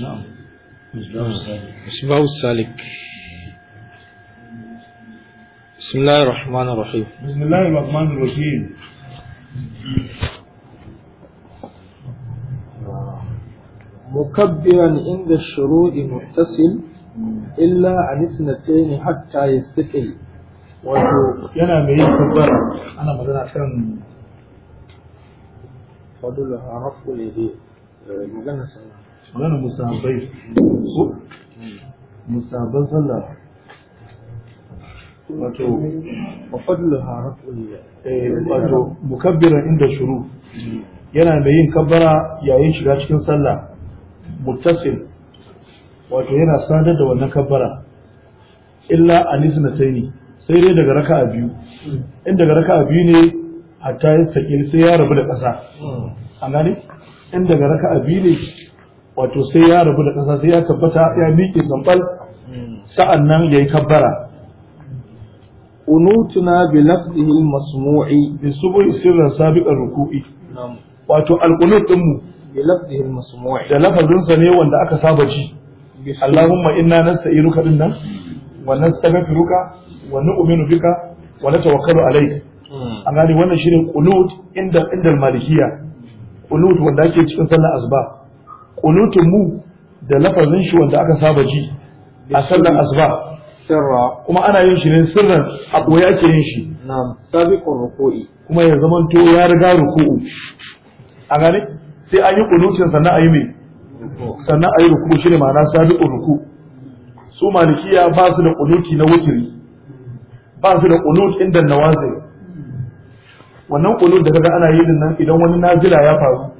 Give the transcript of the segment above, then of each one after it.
نعم مصباح السالك بسم الله الرحمن الرحيم بسم الله الرحمن الرحيم مكبرا عند الشروع محتسل إلا عن اثنتين حتى يستقل wato yana mai yin kabbara ana magana kan fadula a rafu ne dai magana wani musabai ko musaban sallah wato mafadul harafin eh, wato mukabbiran inda shuru yana mai yin kabbara yayin shiga cikin sallah mutasil wato yana sadar da wannan kabbara illa a na sai sai dai daga raka a biyu in daga raka a biyu ne a ta ya sai ya rabu da ƙasa hmm. an gani in daga raka a biyu ne wato sai ya rabu da ƙasa sai ya tabbata ya miƙe zambal sa'an nan ya yi kabbara unutuna bi lafzihi masmu'i bi subuhi sirran sabiqar ruku'i wato alqunut dinmu bi lafzihi masmu'i da lafazinsa ne wanda aka saba ji Allahumma inna nasta'inuka din nan wa nastaghfiruka wa nu'minu bika wa natawakkalu alayk hmm. an gani wannan shine qunut inda inda malikiya qunut wanda ake cikin sallar asba kunutin mu da lafazin shi wanda aka saba ji a sallar asuba sirra kuma ana yin shi ne sirran a boye ake yin shi na'am sabiqur ruku'i kuma ya zaman to ya riga ruku'u a gane sai an yi kunutin sannan ayi mai sannan ayi ruku'u shine ma'ana sabiqur ruku su malikiya ba su da kunuti na wutiri ba su da kunut inda nawazi wannan kunut da kaga ana yi nan idan wani nazila ya faru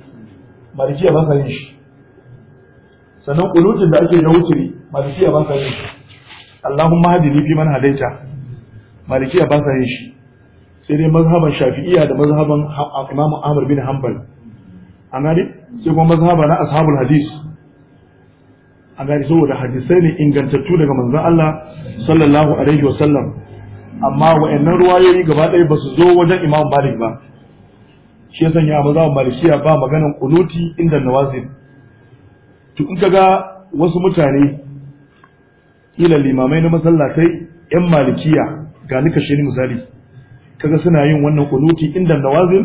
malikiya ba sa yin shi sannan kunutun da ake na wuturi malikiya ba sa yin shi Allahumma hadini fi man hadaita malikiya ba sa yin shi sai dai mazhaban shafi'iyya da mazhaban Imam Ahmad bin Hanbal an gani sai kuma mazhaban na ashabul hadis an gani saboda hadisai ne ingantattu daga manzon Allah sallallahu alaihi wa sallam amma wa'annan ruwayoyi gaba ɗaya ba su zo wajen Imam Malik ba shi ya sanya mazhaban malikiya ba maganan kunuti inda nawazin to in kaga wasu mutane kila limamai na masallatai yan malikiya ga nika shi misali kaga suna yin wannan kunuti inda nawazil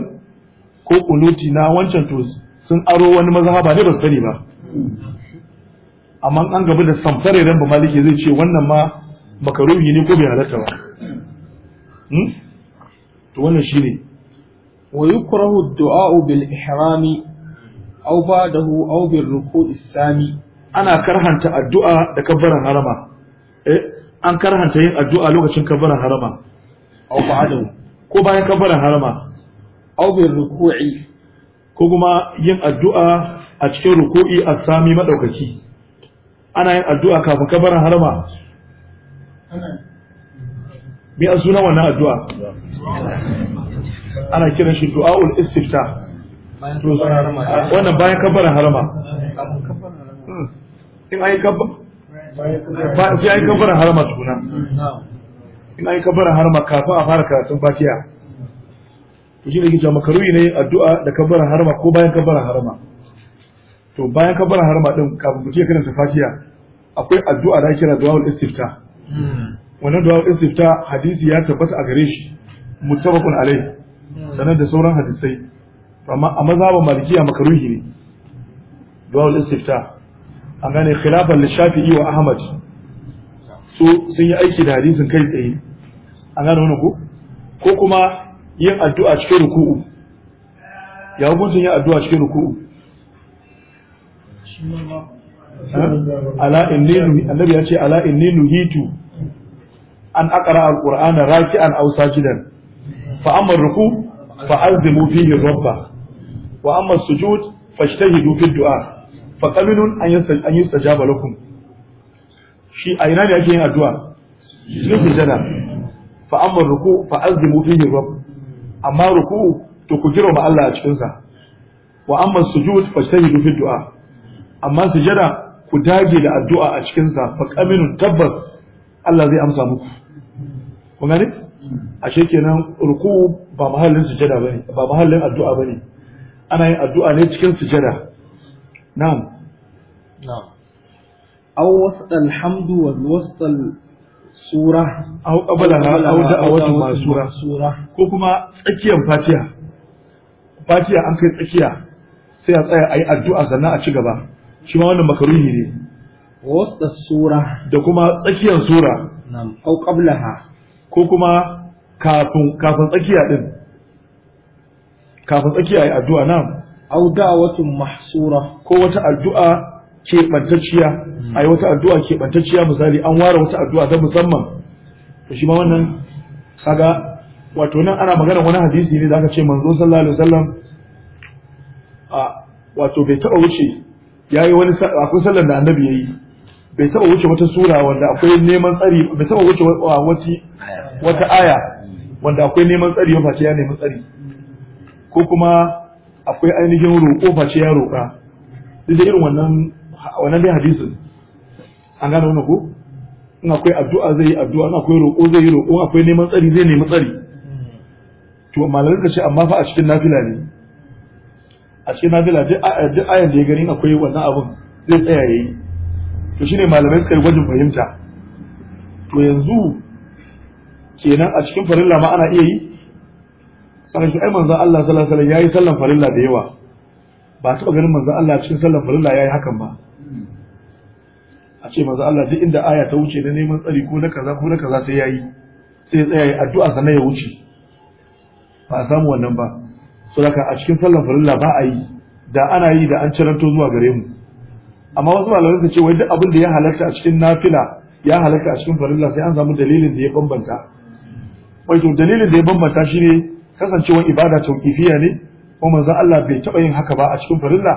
ko kunuti na wancan to sun aro wani mazhaba ne ba sani ba amma an gaba da samfare ran ba maliki zai ce wannan ma makaruhi ne ko bai halatta ba hmm? to wannan shine wa yukrahu du'a bil ihrami aw ba'dahu aw bir ruku'i sami ana karhanta addu'a da kabbaran harama eh an karhanta yin addu'a lokacin kabbaran harama aw ba'dahu ko bayan kabbaran harama aw bir ruku'i ko kuma yin addu'a a cikin ruku'i asami sami madaukaki ana yin addu'a kafin kabbaran harama me a sunan wannan addu'a ana kiran shi du'a ul istifta wannan bayan kabbaran harama in ayi kabba sai ayi kabbaran harama tukuna in ayi kabbaran harama kafin a fara karatun fatiha to shi ne ke cewa ne addu'a da kabbaran harama ko bayan kabbaran harama to bayan ka harama din kafin mutum ya karanta fatiha akwai addu'a da kira du'a istifta wannan du'a istifta hadisi ya tabbata a gare shi muttafaqun alai sanar da sauran hadisai amma a mazhaban malikiya makaruhi ne duwawul istifta an gane khilafan lishafi'i wa ahmad su sun yi aiki da hadisin kai tsaye an gane wani ko ko kuma yin addu'a cikin ruku'u ya sun yi addu'a cikin ruku'u ala inni annabi ya ce ala inni nuhitu an aqra alqur'ana raki'an aw sajidan fa amma ruku fa azimu fihi rabba wa amma sujud fajtahidu fi du'a fa qabilun an an yustajaba lakum shi a ina ne ake yin addu'a yin sujada fa amma ruku fa azimu fihi rabb amma ruku to ku jira ma Allah a cikin sa wa amma sujud fajtahidu fi du'a amma sujada ku dage da addu'a a cikin sa fa qabilun tabbas Allah zai amsa muku kun gane ashe kenan ruku ba mahallin sujada bane ba mahallin addu'a bane ana yin addu'a ne cikin sujada na'am na'am aw wasal alhamdu wa wasal sura aw qablaha aw da'awatu sura sura ko kuma tsakiyar fatiha fatiha an kai tsakiya sai a tsaya ayi addu'a sannan a ci gaba shi ma wannan makaruhi ne wasal sura da kuma tsakiyar sura na'am aw qablaha ko kuma kafin kafin tsakiya din kafin tsakiya yi addu'a nan, au da'watun mahsura ko wata addu'a ke keɓantacciya a yi wata addu'a ke keɓantacciya misali an ware wata addu'a ta musamman to shi ma wannan kaga wato nan ana magana wani hadisi ne da aka ce manzo sallallahu alaihi wasallam a wato bai taɓa wuce ya yi wani akwai sallar da annabi ya yi. bai taɓa wuce wata sura wanda akwai neman tsari bai taɓa wuce wata aya wanda akwai neman tsari ya face ya nemi tsari ko kuma akwai ainihin roƙo face ya roƙa duk irin wannan wannan dai hadisin an gane wannan ko in akwai addu'a zai yi addu'a in akwai roƙo zai yi roƙo akwai neman tsari zai nemi tsari to malamin ka ce amma fa a cikin nafila ne a cikin nafila duk ayan da ya gani akwai wannan abun zai tsaya yayi to shine malamai suka yi gwajin fahimta to yanzu kenan a cikin farilla ma ana iya yi kaga ai manzo Allah sallallahu alaihi wasallam yayi sallan farilla da yawa ba taɓa ganin manzo Allah cikin sallan farilla yayi hakan ba a ce manzo Allah duk inda aya ta wuce na neman tsari ko na kaza ko na kaza sai yayi sai tsaya yayi addu'a sannan ya wuce ba a samu wannan ba so a cikin sallan farilla ba a yi da ana yi da an ciranto zuwa gare mu amma wasu malamai su ce wai duk abin da ya halarta a cikin nafila ya halarta a cikin farilla sai an samu dalilin da ya bambanta wato to dalilin da ya bambanta shine kasancewar ibada tauqifiya ne ko manzon Allah bai taba yin haka ba a cikin farilla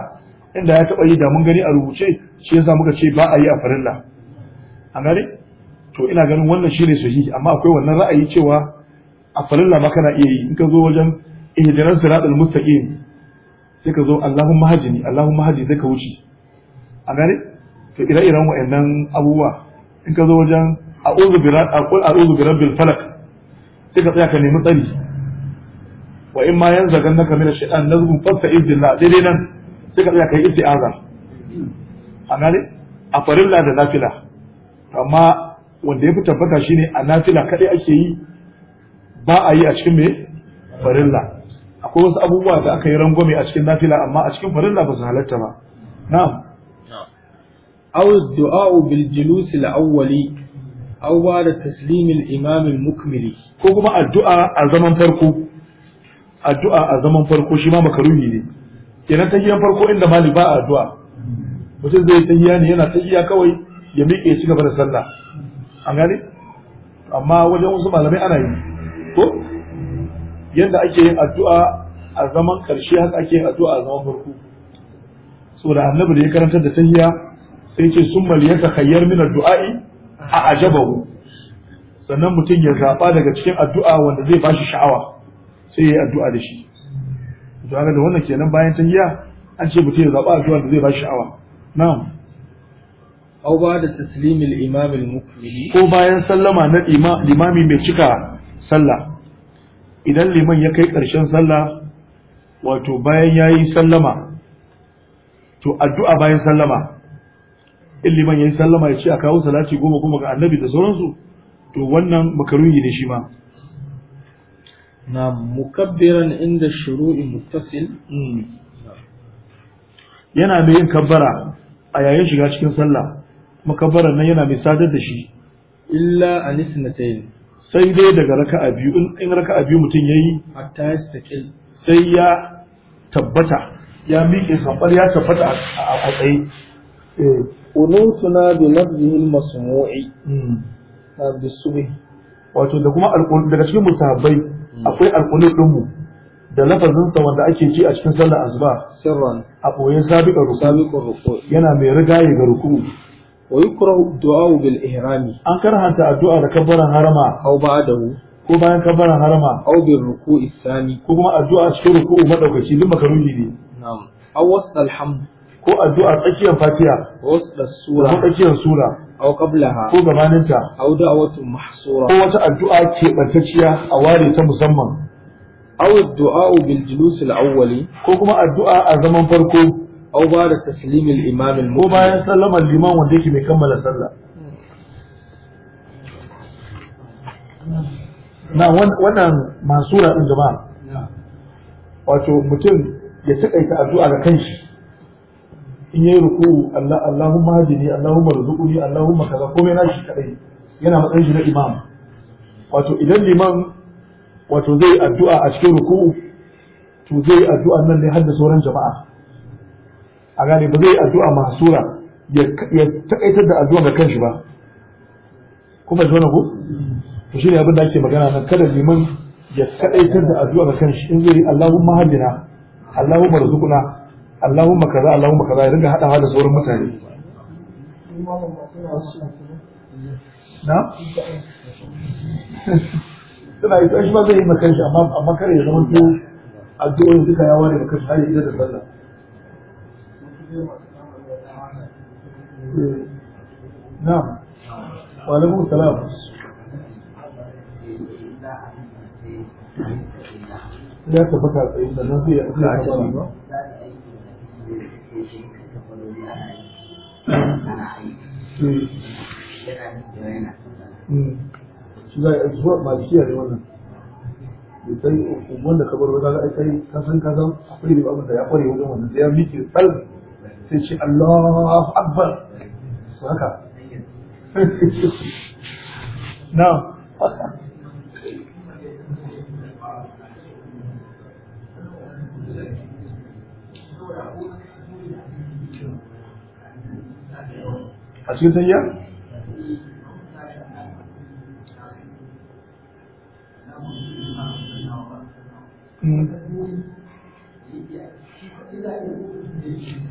inda ya taba yi da mun gani a rubuce shi yasa muka ce ba a yi a farilla A gane to ina ganin wannan shine sahihi amma akwai wannan ra'ayi cewa a farilla ma kana iya yi in ka zo wajen ihdinas siratal mustaqim sai ka zo Allahumma hajini Allahumma hajini sai ka wuce A gane to ire-iren wa'annan abubuwa in ka zo wajen a'udhu bi rabbil falaq sai ka tsaya ka nemi tsari wa in ma yanzaghannaka min na shaytan nazghun fasta'id billah daidai nan sai ka tsaya kai isti'aza a gane a farilla da nafila amma wanda ya fi tabbata ne, a nafila kaɗai ake yi ba a yi a cikin me farilla akwai wasu abubuwa da aka yi rangwame a cikin nafila amma a cikin farilla ba su halatta ba na'am aw du'a bil julus al awwali aw ba da taslim al imam al mukmili ko kuma addu'a a zaman farko addu'a a zaman farko shi ma makaruhi ne kenan tahiyan farko inda mali ba addu'a mutum zai tahiya ne yana tahiya kawai ya miƙe shi ci gaba da sallah an gane amma wajen wasu malamai ana yi ko yadda ake yin addu'a a zaman karshe haka ake yin addu'a a zaman farko saboda annabi da ya karantar da tahiya sai ce sun maliyar takayyar min addu'a'i a ajabahu sannan mutum ya zaɓa daga cikin addu'a wanda zai bashi sha'awa sai ya yi addu'a da shi to haka da wannan kenan bayan tahiyya an ce mutum ya zaɓa addu'a da zai ba shi sha'awa na'am aw ba da taslimin imamin mukmini ko bayan sallama na limami mai cika sallah idan liman ya kai ƙarshen sallah wato bayan yi sallama to addu'a bayan sallama in liman yayi sallama ya ce a kawo salati goma goma ga annabi da sauransu to wannan makaruni ne shi ma نعم مكبرا عند الشروع متصل yana mai yin kabbara a yayin shiga cikin sallah makabbaran nan yana mai sadar da shi illa anisnatayn sai dai daga raka'a biyu in raka'a biyu mutum yayi hatta yastaqil sai ya tabbata ya miƙe kabbar ya tabbata a kwatsayi unusuna bi lafzihi al-masmu'i bi subhi wato da kuma daga cikin musahabbai akwai alqunut din mu da lafazin sa wanda ake ci a cikin sallar asuba sirran a boye sabiqar ruku yana mai rigaye ga ruku wa yukrahu du'a bil ihrami an karhanta addu'a da kabbaran harama aw ba'dahu ko bayan kabbaran harama aw bil ruku'i sani ko kuma addu'a cikin ruku'u madaukaki duk makaruhi ne na'am aw wasal hamd ko addu'a tsakiyar fatiha wasal sura tsakiyar sura aw qablaha ko gabaninta ko wata addu'a ke bantacciya a ware ta musamman aw addu'a bil julus al awwali ko kuma addu'a a zaman farko aw ba da taslim ko bayan sallamar liman wanda mai kammala sallah na wannan masu din jama'a wato mutum ya taƙaita addu'a ga kanshi in yayi ruku'u Allah Allahumma hadini Allahumma rzuqni Allahumma kaza komai nashi kadai yana matsayin shi na imam wato idan liman wato zai addu'a a cikin ruku'u to zai addu'a nan ne har da sauran jama'a a gane ba zai addu'a mahsura ya takaitar da addu'a ga kanshi ba kuma ji wannan ku? to shi ne abin da ake magana nan kada liman ya kadaitar da addu'a ga kanshi in zai yi Allahumma hadina Allahumma rzuqna اللهم كذا اللهم كذا يرجع هذا هذا صور مثالي نعم تبعي ايش ما بين ما كان امام ما كان يوم انت الدور انت يا ولد ما كان هاي جد الله نعم وعليكم السلام لا تفكر في ان الناس يأكلون za a zuwa malikiya ne wannan da sai wanda ka bar kaga ai sai ka san ka san akwai ne abin da ya kware wajen wannan sai ya miƙe tsal sai ce Allahu Akbar haka na a cikin tahiya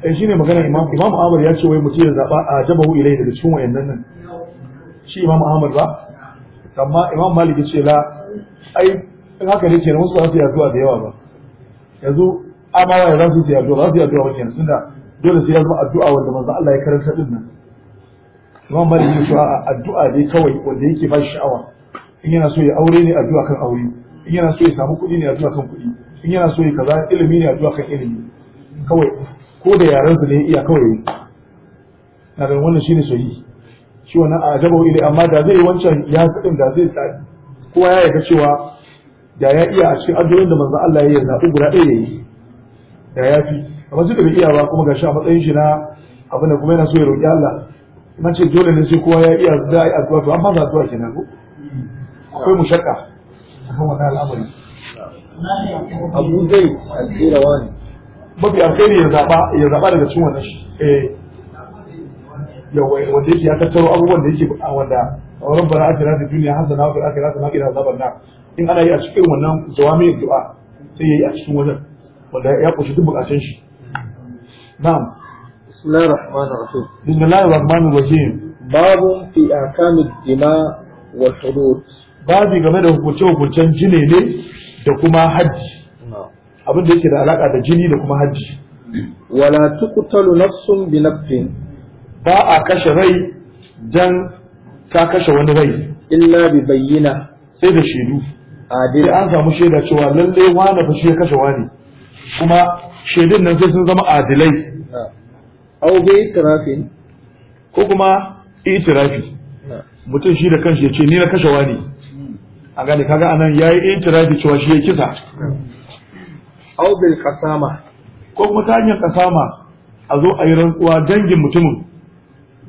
eh shine magana imam imam Ahmad ya ce wai mutum ya zaba a jabahu ilai daga cikin wayannan nan shi imam Ahmad ba amma imam Malik ya ce la ai in haka ne kenan wasu ba su yi addu'a da yawa ba yanzu amawa ya za su yi addu'a ba su yi addu'a ba kenan tunda dole sai ya zama addu'a wanda manzo Allah ya karanta din nan imam malik ya cewa addu'a ne kawai wanda yake ba shi sha'awa in yana so ya aure ne addu'a kan aure in yana so ya samu kuɗi ne addu'a kan kuɗi in yana so ya kaza ilimi ne addu'a kan ilimi kawai ko da yaran su ne iya kawai na da wannan shine sahihi shi wannan a jabo ile amma da zai wancan ya kudin da zai tsari kowa ya yaga cewa da ya iya a cikin addu'o'in da manzo Allah ya yarda guda ɗaya yayi da ya fi amma suka bai iya ba kuma gashi a matsayin shi na abin da kuma yana so ya roƙi Allah na ce dole ne sai kowa ya iya za a yi addu'a to an fasa addu'a nan ko akwai mu shakka akan wannan al'amari abu zai alkirawa ne mafi alkhairi ya zaba ya zaba daga cikin wannan shi eh wanda yake ya tattaro abubuwan da yake a wanda rabbana atina duniya dunya hasana wa fil akhirati hasana makina azaban na. in ana yi a cikin wannan jawami du'a sai yi a cikin wajen wanda ya kushi duk bukacin shi na'am بسم الله الرحمن الرحيم بسم الله الرحمن الرحيم باب في أحكام الدماء والحدود babi game da hukunce-hukuncen jini ne da kuma hajji abin da yake da alaka da jini da kuma hajji wala tuqtalu nafsun bi nafsin ba a kashe rai dan ka kashe wani rai illa bi bayyina sai da shaidu adil an samu shaida cewa lalle wani ba shi ya kashe wani kuma shaidun nan sai sun zama adilai au bi itirafin ko kuma itirafi mutum shi da kanshi ya ce ni na kashe wani a gane kaga anan yayi itirafi cewa shi ya kisa au bil kasama ko kuma ta hanyar kasama a zo a yi rantsuwa dangin mutumin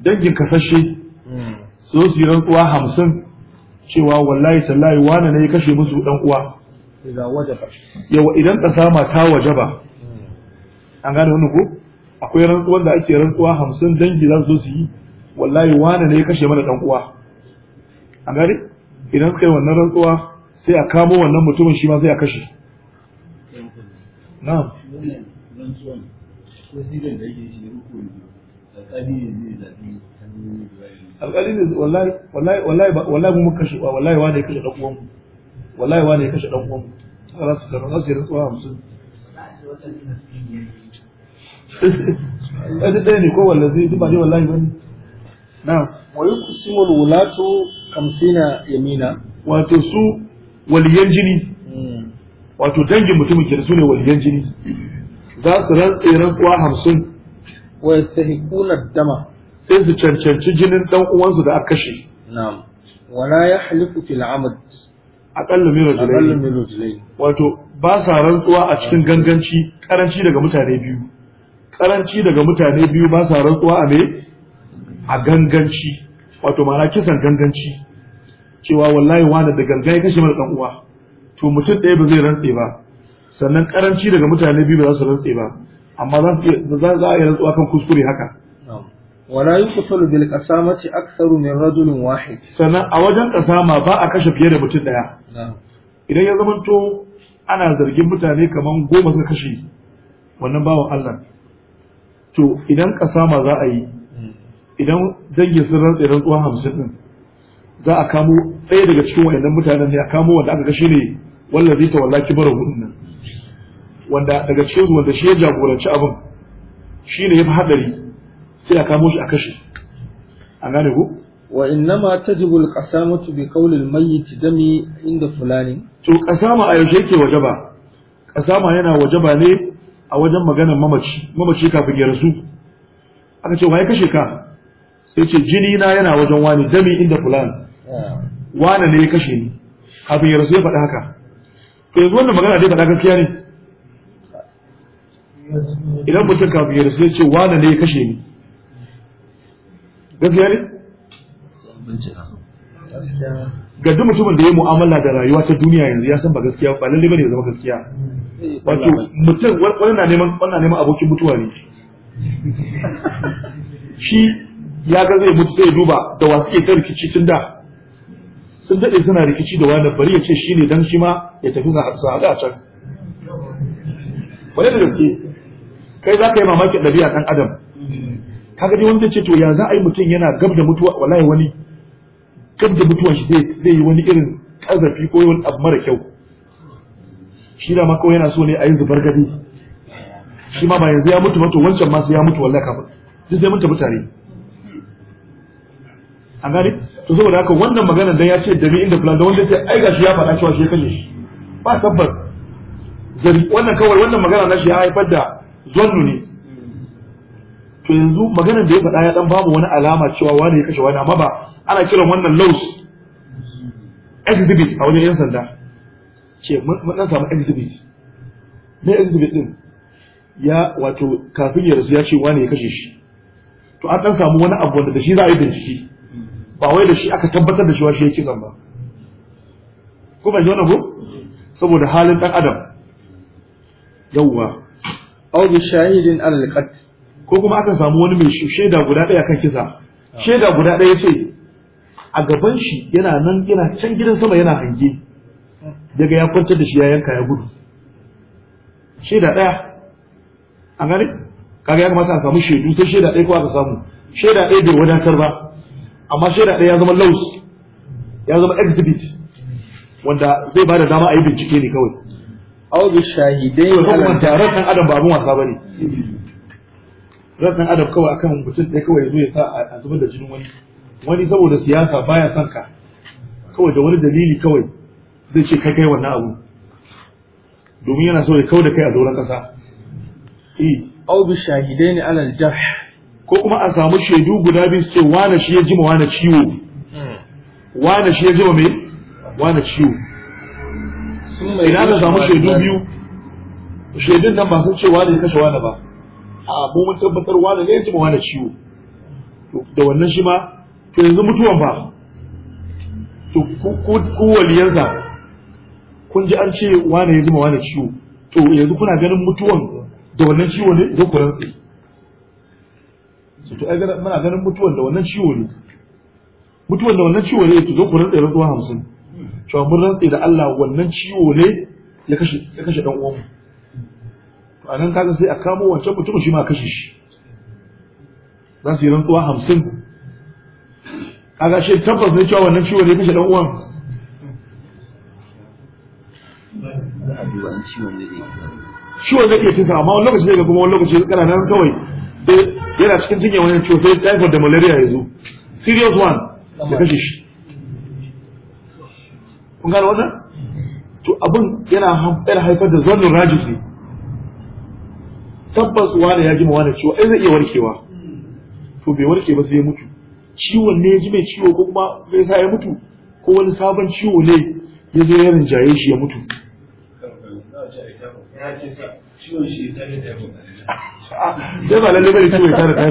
dangin kasashe hmm. so su yi rantsuwa hamsin cewa wallahi sallahi wani ne ya kashe musu dan uwa idan kasama ta wajaba hmm. an gane wani ko akwai rantsuwar da ake rantsuwa hamsin dangi za su zo su yi wallahi wane ne ya kashe mana dan uwa a gari idan suka yi wannan rantsuwa sai a kamo wannan mutumin shi ma sai a kashe na'am alƙali ne wallahi wallahi wallahi mun kashe wallahi wane ya kashe dan uwan mu wallahi wane ya kashe dan uwan mu za su rantsuwa hamsin ɗaya ɗaya ne ko wallazi duk ba dai wallahi bane na'am wa yuqsimu al-wulatu 50 yamina wato su waliyan jini hmm. wato dangin mutumin kenan su ne waliyan jini za su rantse rantsuwa hamsin Wai sai yastahiquna dama sai su cancanci jinin ɗan uwansu da aka kashe na'am wala yahlifu fil amad aqallu min rajulayn aqallu min rajulayn wato ba sa rantsuwa a cikin ganganci karanci daga mutane biyu karanci daga mutane biyu ba sa rantsuwa a ne a ganganci wato ma'ana kisan ganganci cewa wallahi wani da gangan ya kashe mana dan uwa to mutum ɗaya ba zai rantse ba sannan karanci daga mutane biyu ba za su rantse ba amma za a yi rantsuwa kan kuskure haka wala yuqtalu bil qasamati aktharu min rajulin wahid sannan a wajen kasama ba a kashe fiye da mutum ɗaya idan ya zamanto ana zargin mutane kaman goma suka kashe wannan bawan Allah to idan kasama za a yi idan dangin sun rantsa rantsuwa hamsin din za a kamo ɗaya daga cikin wayannan mutanen ne a kamo wanda aka kashe ne wanda zai wallaki bara hudun nan wanda daga cikin su wanda shi ya jagoranci abin shi ne ya fi haɗari sai a kamo shi a kashe a gane ko wa innama tajibu al-qasamatu bi qawli al-mayyit dami inda fulani to kasama a yaushe yake wajaba kasama yana wajaba ne a wajen maganar mamaci mamaci kafin ya rasu aka ce waye kashe ka sai ce jini na yana wajen wani dami inda fulan wani ne ya kashe ni kafin ya rasu ya faɗa haka to yanzu wannan magana dai faɗa gaskiya ne idan mutum kafin ya rasu ya ce wani ne ya kashe ni gaskiya ne ga duk mutumin da ya mu'amala da rayuwa ta duniya yanzu ya san ba gaskiya ba lalle bane ya zama gaskiya wato mutum wani na neman wannan neman abokin mutuwa ne shi ya ga zai mutu zai duba da wa suke ta rikici tun da sun daɗe suna rikici da wani bari ya ce shi ne don shi ma ya tafi na harsa a can wani da gaske kai za ka yi mamakin ɗabi'a ɗan adam kaga dai wanda ce to ya za a yi mutum yana gab da mutuwa wallahi wani gab da mutuwan shi zai yi wani irin ƙazafi ko wani abu mara kyau shi da ma yana so ne a yin zubar gadi shi ma ba yanzu ya mutu mato wancan ma sai ya mutu wallahi kafin duk zai mun tafi tare an gane to saboda haka wannan maganar dan ya ce da inda plan da wanda ya ce ai gashi ya faɗa cewa shi kashe shi ba tabbas zari wannan kawai wannan magana na shi ya haifar da zonnu ne to yanzu maganar da ya faɗa ya dan babu wani alama cewa wani ya kashe wani amma ba ana kiran wannan laus exhibit a wajen yan sanda ce mun dan samu exhibit me exhibit din ya wato kafin ya rasu ya ce wani ya kashe shi to an dan samu wani abu wanda da shi za a yi bincike ba wai da shi aka tabbatar da shi wa shi ya kisan ba ko ban ji wannan ko saboda halin dan adam yawwa aw bi shahidin al qat ko kuma aka samu wani mai shaida guda daya kan kisa shaida guda daya ce a gaban shi yana nan yana can gidan sama yana hange daga ya kwantar da shi ya yanka ya gudu shaida ɗaya a gani kaga ya kamata a samu shaidu sai shaida ɗaya ko aka samu shaida ɗaya bai wadatar ba amma shaida ɗaya ya zama laus ya zama exhibit wanda zai bada dama a yi bincike ne kawai au bi shahidai wa kuma taron ɗan adam ba mun wasa bane ran adam kawai akan mutum ɗaya kawai zo ya sa a zubar da jinin wani wani saboda siyasa baya son ka kawai da wani dalili kawai zai ce kai kai wannan abu domin yana so ya kau da kai a doron kasa eh au bi shahidaini alal jarh ko kuma a samu shaidu guda biyu su ce wane shi ya jima wane ciwo hmm. wane shi ya jima me wane ciwo ina ka samu shaidu biyu shaidun nan ba sun ce wane ya kashe wane ba a mu mun tabbatar wane ne ya jima wane ciwo da wannan shi ma to yanzu mutuwan ba to ku waliyansa kun ji an ce wane ya zuma wane ciwo to yanzu kuna ganin mutuwan da wannan ciwo ne zo ku rantsi to ai muna ganin mutuwan da wannan ciwo ne mutuwan da wannan ciwo ne to zo ku rantsi rantsuwa hamsin cewa mun rantsi da Allah wannan ciwo ne ya kashe ya kashe dan uwanmu to anan kaga sai a kamo wancan mutumin shi ma kashe shi za su yi rantsuwa hamsin kaga shi tabbas ne cewa wannan ciwo ne kashe dan uwan duba in ciwon zai ciwon zai iya tuka amma wani lokaci zai ga kuma wani lokaci kana nan kawai sai yana cikin cinye wani ciwo sai typhoid da malaria ya zo serious one ya kashe shi kun gane wannan to abun yana haifar da zannin rajis ne tabbas wani ya gima wani ciwo ai zai iya warkewa to bai warke ba sai ya mutu ciwon ne ya ji mai ciwo ko kuma bai sa ya mutu ko wani sabon ciwo ne ya zo ya rinjaye shi ya mutu ya ce sa ciwon shi da sai ba lalle bane ciwon ya tare da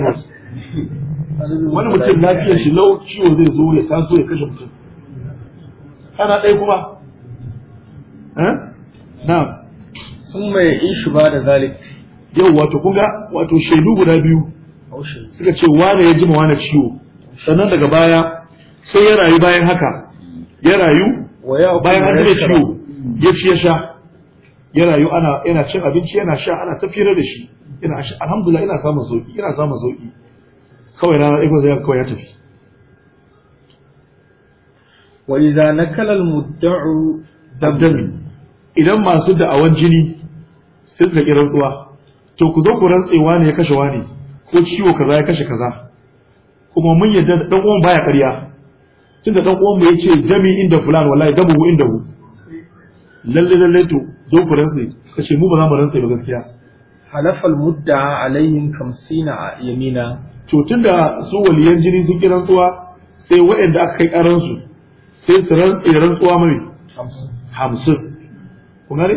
wani mutum lafiyar shi lau ciwo zai zo ya taso ya kashe mutum ana ɗaya kuma eh? na sun mai in shi ba da zalik yau wato kunga wato shaidu guda biyu suka ce wane ya jima wane ciwo sannan daga baya sai ya rayu bayan haka ya rayu bayan an jima ciwo ya ci ya sha ya rayu ana yana cin abinci yana sha ana tafiyar da shi ina alhamdulillah ina samun sauki ina samun sauki kawai na iko zai kawai ya tafi wa idza nakala al mudda'u dabdan idan masu da'awan jini sai suka kiran tsuwa to ku zo ku rantsewa ne ya kashe wani ko ciwo kaza ya kashe kaza kuma mun yadda dan uwan baya ƙarya tunda dan uwan mu yace jami da fulan wallahi damu inda hu lalle lalle to zo ku rantse ka ce mu ba za mu rantse ba gaskiya halafal mudda alayhim kamsina a yamina to tunda su waliyan jini sun kiran tsuwa sai waɗanda aka kai karan su sai su rantse rantsuwa mai hamsin ku gane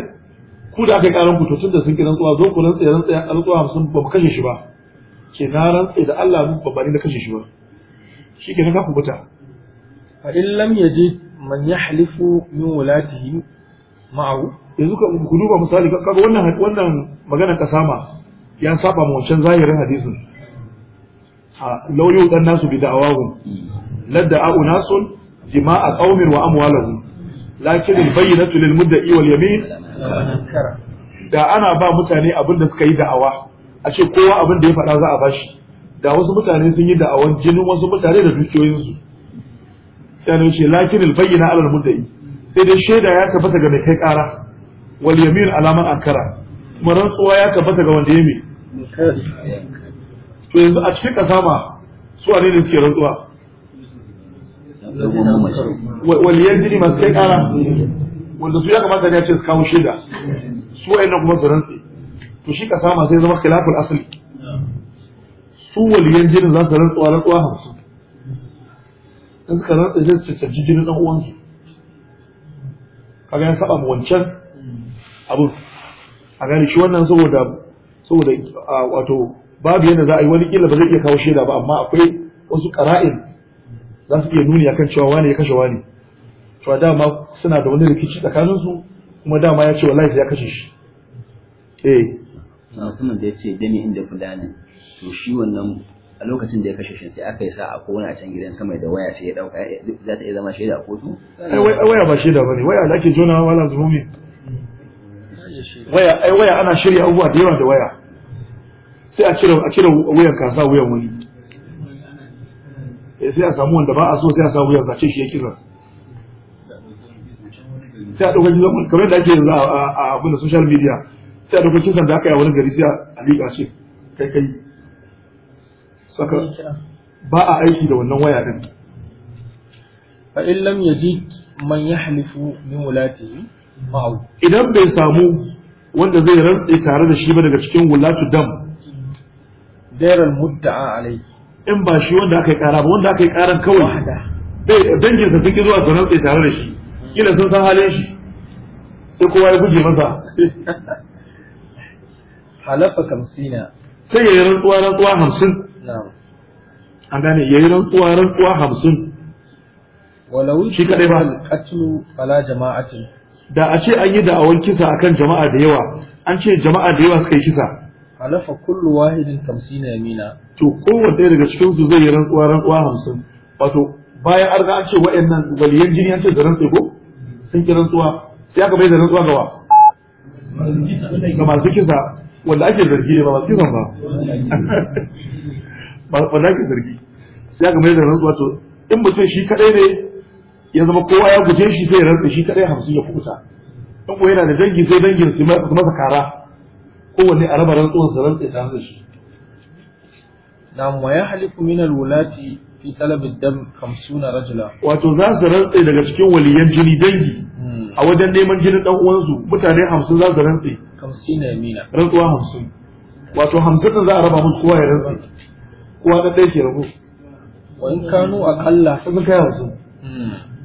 ku da aka kai karan ku to tunda sun kiran tsuwa zo ku rantse rantse rantsuwa hamsin ba mu kashe shi ba ke na rantse da Allah ba ba da kashe shi ba shi ke na ka kubuta fa in lam yajid man yahlifu min walatihi ma'ahu yanzu ka ku duba misali kaga wannan wannan maganar kasama ya saba mu wancan zahirin hadisin a lauyu dan nasu bi da'awahum ladda a'u nasun jima'a qaumir wa amwalahum lakin al-bayyinatu lil mudda'i wal yamin da ana ba mutane abin da suka yi da'awa a ce kowa abin da ya faɗa za a bashi da wasu mutane sun yi da'awan jinin wasu mutane da dukiyoyinsu sai ne ce lakin al-bayyina ala al-mudda'i sai dai shaida ya tabbata ga mai kai kara wal yamin alaman ankara kuma rantsuwa ya tabbata ga wanda ya mai to yanzu a cikin kasa ma su ne ne suke rantsuwa wal yajri ma sai kara wanda su ya kamata ne a ce su kawo shaida su wayannan kuma su rantsi to shi kasa ma sai zama khilaful asli su waliyan jinin za su rantsuwa rantsuwa hamsin in suka rantsa zai su cancanci jinin uwansu kaga ya saba wancan abun a gane shi wannan saboda saboda wato babu yadda za a yi wani kila ba zai iya kawo shaida ba amma akwai wasu qara'in za su iya nuni akan cewa wani ya kashe wani to dama suna da wani rikici tsakanin su kuma dama ya ce wallahi ya kashe shi eh na mutumin da ya ce dani inda fulani to shi wannan a lokacin da ya kashe shi sai aka yi sa a kowane a can gidan sama da waya sai ya dauka za ta iya zama shaida a kotu waya ba shaida bane waya da ake jona wala zumumi waya ai waya ana shirya abubuwa da yawa da waya sai a cire a cire wayar ka sa wayar wani eh sai a samu wanda ba a so sai a sa wayar ka ce shi ya kira sai a dauka kisan kamar da ake yanzu a abin da social media sai a dauka kisan da aka yi a wani gari sai a liƙa ce kai kai saka ba a aiki da wannan waya din fa in lam yajid man yahlifu min wulatihi idan bai samu wanda zai rantsi tare da shi ba daga cikin wulatu dam dairal mudda'a alai in ba shi wanda aka yi kara ba wanda aka yi karan kawai dangin sa suke zuwa su rantsi tare da shi kila sun san halin shi sai kowa ya guje masa halafa kamsina sai ya yi rantsuwa rantsuwa hamsin an gane ya yi rantsuwa rantsuwa hamsin walau shi kadai ba al-qatlu fala jama'atin da a ce an yi da'awar kisa a kan jama'a da yawa an ce jama'a da yawa suka yi kisa halafa kullu wahidin hamsina yamina to kowanne daga cikin su zai yi rantsuwa rantsuwa hamsin wato bayan an ga an ce wa'annan waliyan jini an ce da rantsi ko sun ki rantsuwa sai aka bai da rantsuwa ga ga masu kisa wanda ake zargi ne ba masu kisan ba wanda ake zargi sai aka bai da rantsuwa to in mutum shi kaɗai ne ya zama kowa ya guje shi sai rantsa shi kadai hamsin ya kusa, in ko yana da dangi sai dangin su masa kara kowanne a raba rantsuwan sa rantsa ta rantsa shi Na nam wa yahlifu min alwulati fi talab ad-dam 50 rajula wato za su rantsa daga cikin waliyan jini dangi hmm. a wajen neman jinin dan uwansu mutane 50 za su rantsa 50 yamina rantsuwa 50 wato 50 za a raba musu kowa ya rantsa kowa da ɗaya ke rabu wa in kanu akalla sun kai hamsin. Hmm.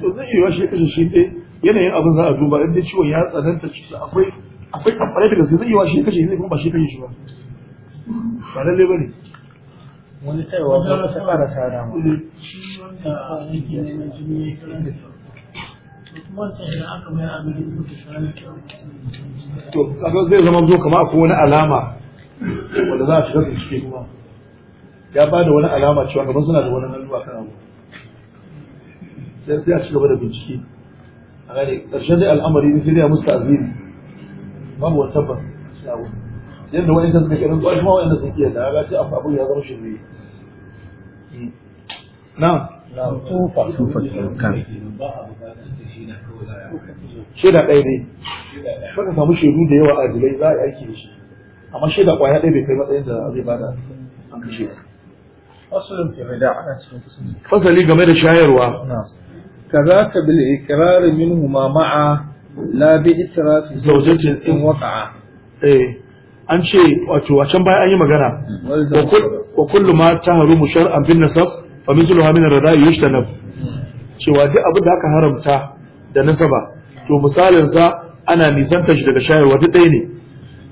to zai iya shi kashe shi yanayin abin za a duba in ciwon ya tsananta ciki akwai akwai da gaske zai iya shi kashe zai kuma ba shi kashe shi ba ba lalle ba ne wani tsayawa ba a shiga ya ba da wani alama cewa gaba suna da wani lalura kan abu sai sai a ci gaba da bincike a gane ƙarshe dai al'amari ne sai dai a musu aziri babu wani ba shi yadda wani ta suka kirin tsohon wani da suke da ga ce abu ya zama shirme hmm. na tufa tufa kan shaida ɗaya ne baka samu shaidu da yawa a jilai za a yi aiki da shi amma shaida ƙwaya ɗaya bai kai matsayin da zai bada an kashe ba. Fasalin game da shayarwa. كذاك بالإقرار منهما معا لا بإتراف زوجة إن وقع إيه an ce wato a can baya an yi magana wa kullu ma ta harumu shar'an bin nasab fa mithluha min ar-rada'i yushtanab cewa duk abin da aka haramta da nasaba to misalin za ana nisanta shi daga shayarwa duk ɗaya ne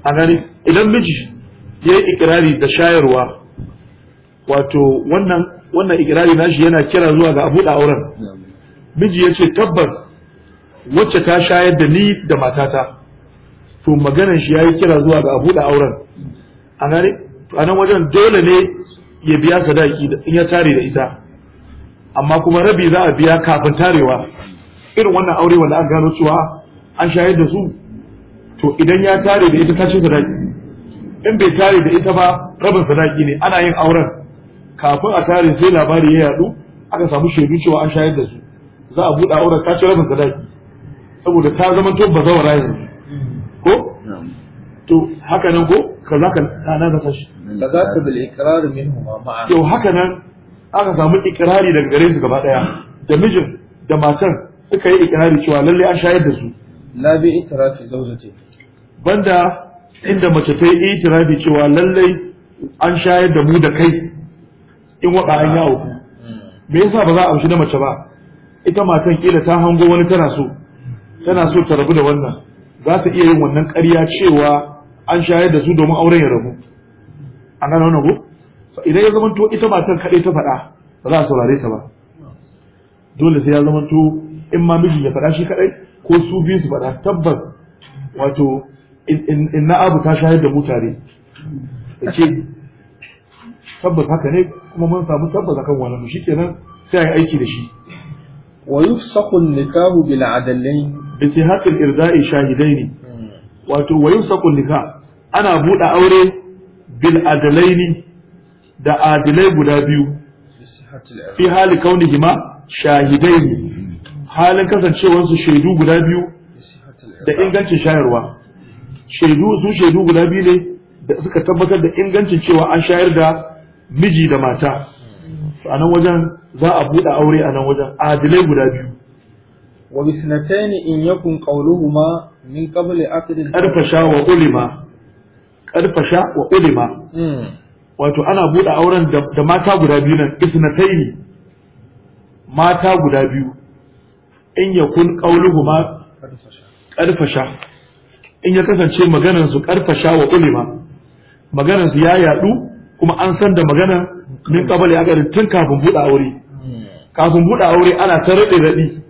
a gani idan miji ya yi ikirari da shayarwa wato wannan wannan ikirari nashi yana kira zuwa ga abu da auren miji ya ce tabbas wacce ta shayar da ni da matata to maganar shi ya yi kira zuwa ga abu da auren a nan wajen dole ne ya biya sadaki in ya tare da ita amma kuma rabi za a biya kafin tarewa irin wannan aure wanda an gano cewa an shayar da su to idan ya tare da ita kashe sadaki in bai tare da ita ba rabin sadaki ne ana yin auren kafin a tare sai labari ya yadu aka samu shaidu cewa an shayar da su za a buɗe auren ta ci rabin sadaki saboda ta zama to ba zawara yanzu ko to haka nan ko ka za ka tana da tashi ka za ka bil ikrar minhu ma to haka nan aka samu ikrari daga gare su gaba daya da mijin da matan suka yi ikrari cewa lalle an shayar da su la bi ikrafi zawjati banda inda mace ta yi itirafi cewa lallai an shayar da mu da kai in waɗa an yawo hmm. me yasa ba za a amshi na mace ba ita matan kila ta hango wani tana so tana so ta rabu da wannan za ta iya yin wannan ƙarya cewa an shayar da su domin auren ya rabu an gano wannan ko idan ya to ita matan kaɗai ta faɗa ba za a saurare ta ba dole sai ya to in ma miji ya faɗa shi kaɗai ko su biyu su faɗa tabbas wato in na abu ta shayar da mutane da ce tabbas haka ne kuma mun samu tabbas akan wannan shi kenan sai a yi aiki da shi ويفسخ النكاح بالعدلين بسهاق الإرداء شاهدين wato wa yusaqu nika? ana buɗe aure bil adalaini da adilai guda biyu fi hali kaunihima shahidaini halin kasancewar shaidu guda biyu da ingancin shayarwa shaidu su shaidu guda biyu ne da suka tabbatar da ingancin cewa an shayar da miji da mata to a nan wajen za a buɗe aure a nan wajen adilai guda biyu wa bisnataini in yakun qawluhuma min qabli aqdil karfasha wa ulima karfasha wa ulima hmm. wato ana buɗe auren da mata guda biyu nan isnataini mata guda biyu in yakun qawluhuma karfasha in ya kasance maganar su karfasha wa ulima maganar su ya yadu kuma an san da maganar min kabal ya gari tun kafin buɗe aure kafin buɗe aure ana ta raɗe radi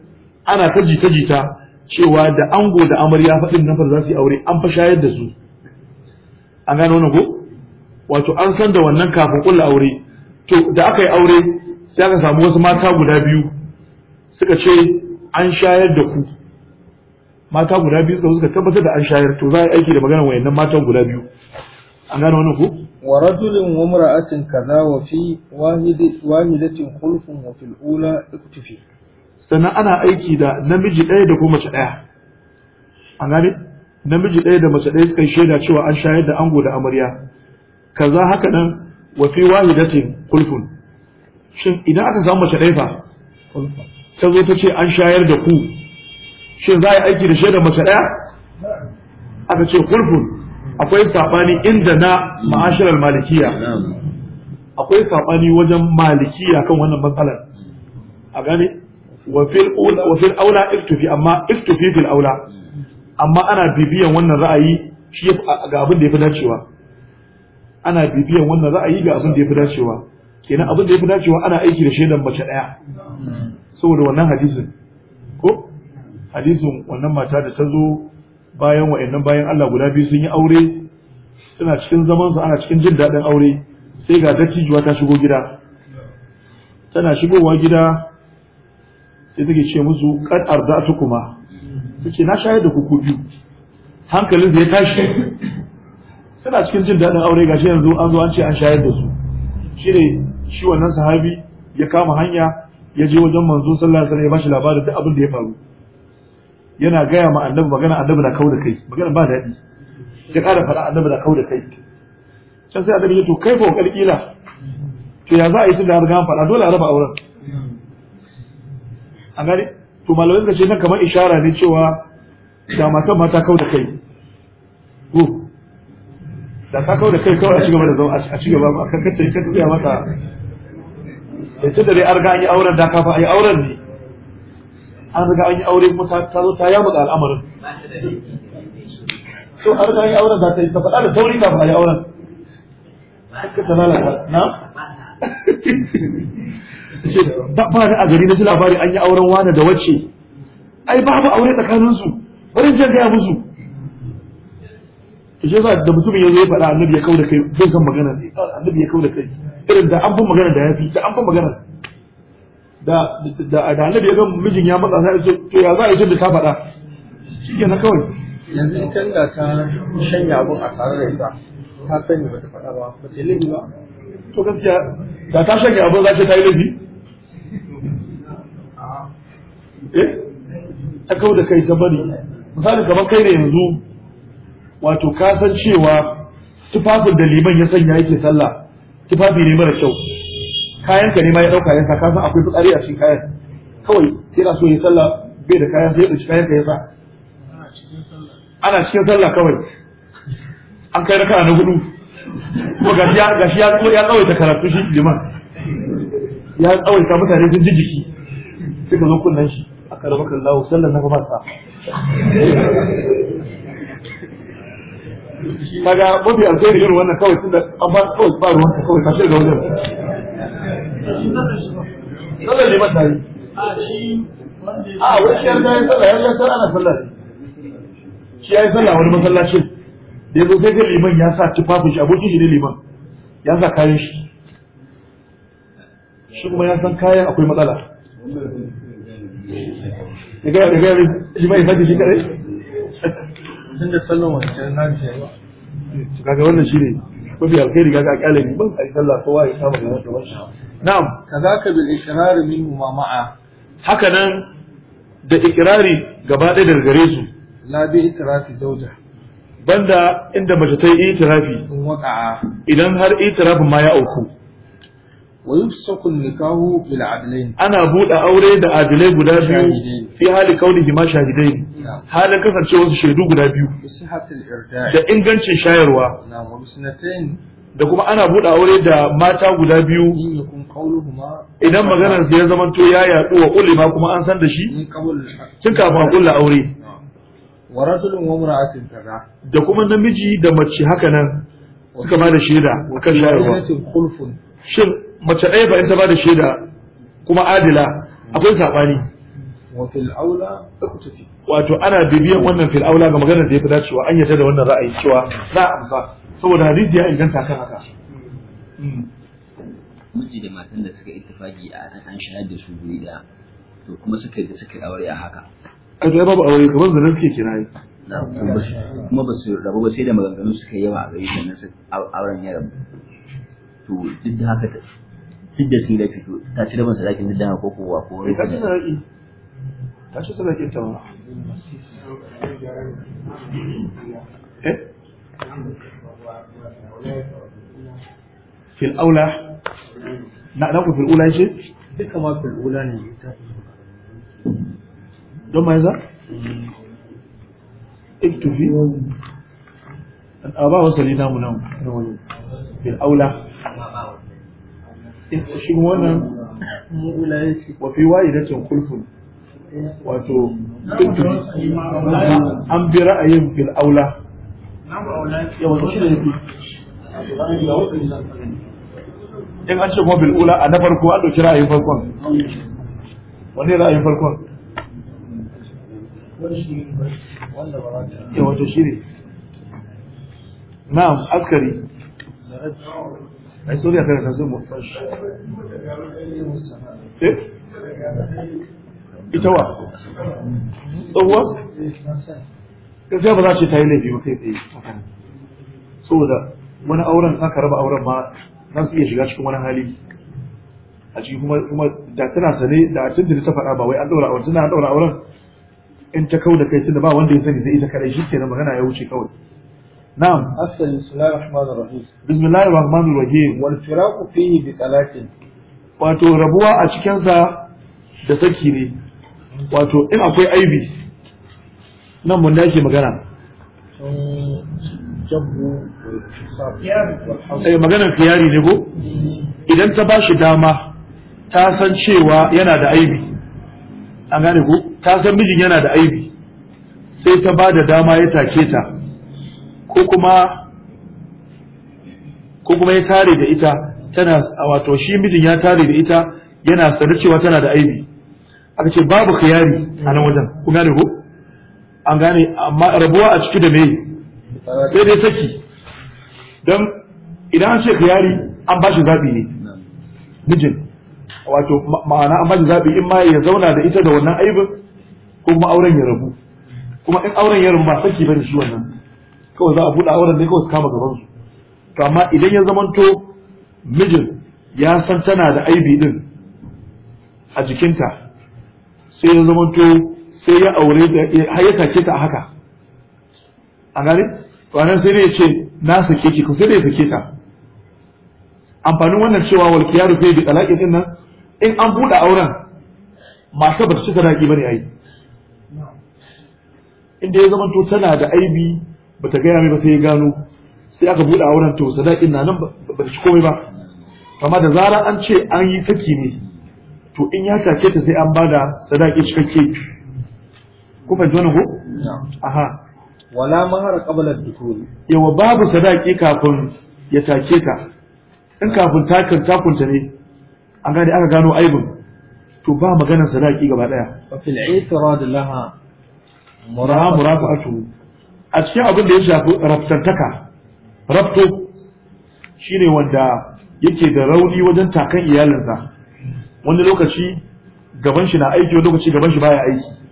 ana ta jita jita cewa da ango da amarya faɗin nan fa za su yi aure an fa shayar da su an gano wani ko wato an san da wannan kafin kulla aure to da aka yi aure sai aka samu wasu mata guda biyu suka ce an shayar da ku mata guda biyu suka tabbatar da an shayar to za a yi aiki da maganar wayannan matan guda biyu an gane wannan ku? wa rajulin wa mar'atin kaza wa fi wahidatin khulfun wa fil ula iktifi sannan ana aiki da namiji ɗaya da kuma mace ɗaya an gane namiji ɗaya da mace ɗaya suka shaida cewa an shayar da ango da amarya kaza haka nan wa fi wahidatin khulfun shin idan aka samu mace ɗaya fa ta zo ta ce an shayar da ku shin za a yi aiki da shaidar mace ɗaya aka ce khulfun akwai sabani inda na ma'asharar malikiya akwai sabani wajen malikiya kan wannan matsalar a gane wa fil aula iftufi amma iftufi fil aula amma ana bibiyan wannan ra'ayi shi ga abin da ya fi dacewa ana bibiyan wannan ra'ayi ga abin da ya fi dacewa kenan abin da ya fi dacewa ana aiki da shaidan mace daya saboda wannan hadisin ko hadisin wannan mata da ta zo bayan wa'annan bayan Allah guda biyu sun yi aure suna cikin zaman su ana cikin jin daɗin aure sai ga dattijuwa ta shigo gida tana shigowa gida sai take ce musu kad arda'tu kuma take na shayar da ku biyu hankalin da ya tashi suna cikin jin daɗin aure gashi yanzu an zo an ce an shayar da su shine shi wannan sahabi ya kama hanya ya je wajen manzo sallallahu alaihi wasallam ya bashi labarin duk abin da ya faru yana gaya ma annabi magana annabi na kau da kai magana ba daɗi ya ƙara faɗa annabi na kau da kai can sai annabi ya to kai fa kalkila to ya za a yi tun da har gan faɗa dole a raba auren a gani to malamai suka ce nan kamar ishara ne cewa da masu mata kau da kai ko da ta kau da kai kawai a ci gaba da zama a ci gaba a kankan ta yi ka tuya mata da ce da dai an ga an yi auren da ka fa a yi auren ne an riga an yi aure kuma ta zo ta yamu al'amarin so an riga an yi auren za ta yi ta faɗa da sauri kafin a yi auren haka ta lalata na ba da a gari na ji labari an yi auren wane da wacce ai ba aure tsakaninsu bari jan gaya musu shi yasa da mutumin ya zo ya faɗa annabi ya kau da kai bin kan magana ne annabi ya kau da kai irin da an fi magana da ya fi da an fi magana da da da annabi ya ga mijin ya matsa sai to ya za a yi da ta faɗa shike na kawai yanzu idan da ta shanya abun a tare da ita ta sani bata faɗa ba ba ce laifi ba to gaskiya da ta shanya abun za ta yi laifi eh ta da kai ta bari misali kamar kai ne yanzu wato ka san cewa tufafin da liman ya sanya yake sallah tufafi ne mara kyau kayan ka ne ma ya dauka ya sa kasan akwai fitsari a cikin kayan kawai yana so ya sallah bai da kayan sai ya dauki kayan ka ya sa ana cikin sallah kawai an kai raka na hudu ko gashi ya gashi ya ya ta karatu shi liman ya ta mutane sun ji jiki suka zo kunnan shi aka raba lawo sallan na ba sa kaga mafi alkhairi irin wannan kawai tunda an ba kawai ba ruwan kawai ta shirga wajen sallar liman ta yi a wani shi yarda ya sallah yarda sallah ana sallah shi ya yi sallah wani masallacin da ya zo sai ga liman ya sa tufafin shi abokin shi ne liman ya sa kayan shi shi kuma ya san kayan akwai matsala ya gaya ya ga liman ya sake shi kadai tun da wani wancan na shi kaga wannan shi ne mafi alkhairi kaga a kyale ban a yi sallah kowa ya kama da wani wancan na'am kazaka bil iqrar minhu ma ma'a haka nan da iqrari gaba ɗaya daga gare su la bi itirafi zauja banda inda mace ta yi itirafi idan har itirafin ma ya auku wa yufsaku nikahu bil adlain ana buɗe aure da adilai guda biyu fi hali kaunihi ma shahidai halin kasancewar su shaidu guda biyu da ingancin shayarwa da kuma ana buɗe aure da mata guda biyu idan maganar su ya zama to ya yaɗu wa ma kuma an san da shi tun kafin a ƙulla aure da kuma namiji da mace haka nan suka ba da shaida kan shayarwa shin mace ɗaya ba in ta ba da shaida kuma adila akwai saɓani? wato ana bibiyan wannan fila'ula ga maganar da ya fi dacewa an yata da wannan ra'ayi cewa za a amsa saboda hadisi ya inganta kan haka hmm. miji da matan da suka ittifaki a an shayar da su guri da to kuma suka yi suka aure a haka a da babu aure kamar da suke kina yi kuma ba su rabu ba sai da maganganu suka yawa a gari sannan su auren ya rabu to duk da haka duk da sun lafi to ta ci rabin sadakin duk da ko kowa ko wani ta ci sadaki ta ci sadakin ta ma eh? fil aula na ku fil aula ce duka ma fil aula ne don mai za iktufi nan fil aula shi wannan kulfun wato an bi ra'ayin fil aula in an ce mobil ula a na farko an ɗauki ra'ayin farkon wani ra'ayin farkon ya to shi ne askari ai so ne a karanta zai mutu eh ita wa tsohuwa gaskiya ba za ce ta yi laifi ba kai tsaye saboda wani auren aka raba auren ma za su iya shiga cikin wani hali a ciki kuma kuma da tana sane da a cikin ta faɗa ba wai an ɗaura auren tana ɗaura auren in ta kau da kai tunda ba wanda ya sani zai ita kadai shikenan magana ya wuce kawai na'am assalamu bismillahir rahmanir rahim bismillahir rahmanir rahim wal firaqu fihi bi talaqin wato rabuwa a cikin sa da saki ne wato in akwai aibi nan mun dace magana eh maganar fiyari ne ko idan ta ba shi dama ta san cewa yana da aibi an gane ko ta san mijin yana da aibi sai ta ba da dama ya take ta ko kuma ko kuma ya tare da ita tana wato shi mijin ya tare da ita yana sanar cewa tana da aibi aka ce babu khiyari a nan wajen ku gane ko an gane amma rabuwa a ciki da me sai dai saki don idan an ce yari an ba shi zaɓi ne mijin wato ma'ana an ba shi zaɓi in ma ya zauna da ita da wannan aibin ko kuma auren ya rabu kuma in auren ya rabu ba saki bane shi wannan kawai za a buɗe auren ne kawai su kama gaban su to amma idan ya zamanto mijin ya san tana da aibi din a jikinta sai ya zamanto sai ya aure da eh, ya sake a haka a gane wannan sai ya ce na sake ki ku sai da ya sake ta amfanin wannan cewa walki yaro fi da talaqi din nan in an buɗe auren matar ba ta cika daki bane ai inda ya zama to tana da aibi ba ta gaya mai ba sai ya gano sai aka buɗe auren to sadakin na nan ba ta ci komai ba amma da zarar an ce an yi saki ne to in ya take ta sai an bada sadaki cikakke ku fahimci wani ko aha wala mahar qabla dukul yawa babu sadaki kafin ya take ta in kafin takan takunta ne an gane aka gano aibun, to ba maganar sadaki gaba daya fa fil i'tirad laha ku a cikin abin da ya shafi raftantaka rafto shine wanda yake da rauni wajen takan iyalinsa wani lokaci gaban shi na aiki wani lokaci gaban shi baya aiki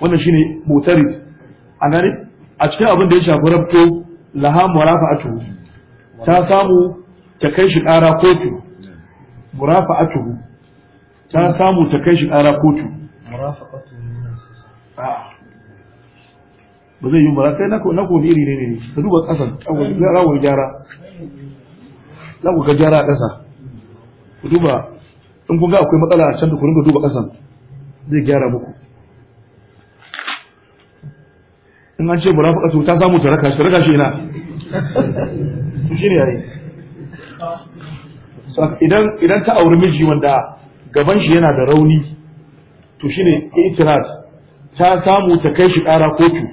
wannan shine mutarid a gane a cikin abin da ya shafi rabto laha murafa'atu ta samu ta kai shi ƙara kotu murafa'atu ta samu ta kai shi ƙara kotu murafa'atu ba zai yi ba sai na ko iri ne ne ta duba ƙasan rawar gyara za ku ga gyara a ƙasa ku duba in kun ga akwai matsala a can da ku ringa duba ƙasan zai gyara muku in an ce murafaqatu ta samu ta raka shi raka shi na shine yayi idan idan ta auri miji wanda gaban shi yana da rauni to shine itiraz ta samu ta kai shi kara kotu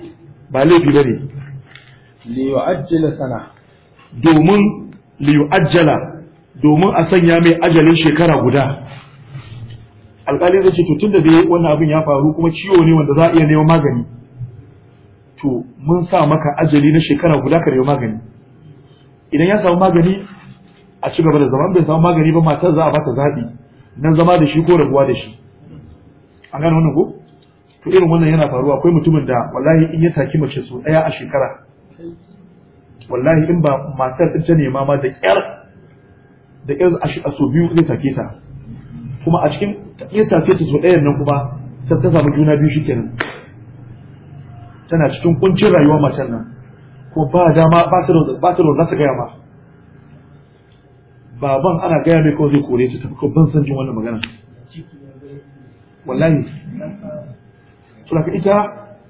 ba laifi bane li yu'ajjala sana domin li yu'ajjala domin a sanya mai ajalin shekara guda alƙali zai ce to tunda dai wannan abin ya faru kuma ciwo ne wanda za a iya neman magani to mun sa maka ajali na shekara guda ka magani idan ya samu magani a ci gaba da zama, bai samu magani ba matar za a bata zaɓi nan zama da shi ko rabuwa da shi an gane wannan ko to irin wannan yana faruwa akwai mutumin da wallahi in ya taki mace su ɗaya a shekara wallahi in ba matar ta ne ma da ƙyar da ƙyar a so biyu zai take ta kuma a cikin ya take ta so ɗayan nan kuma ta samu juna biyu shikenan tana cikin kuncin rayuwa macen nan ko ba dama ba ta da ta gaya ma baban ana gaya mai kawai zai kore ta tafi ko ban san jin wannan magana wallahi to da ita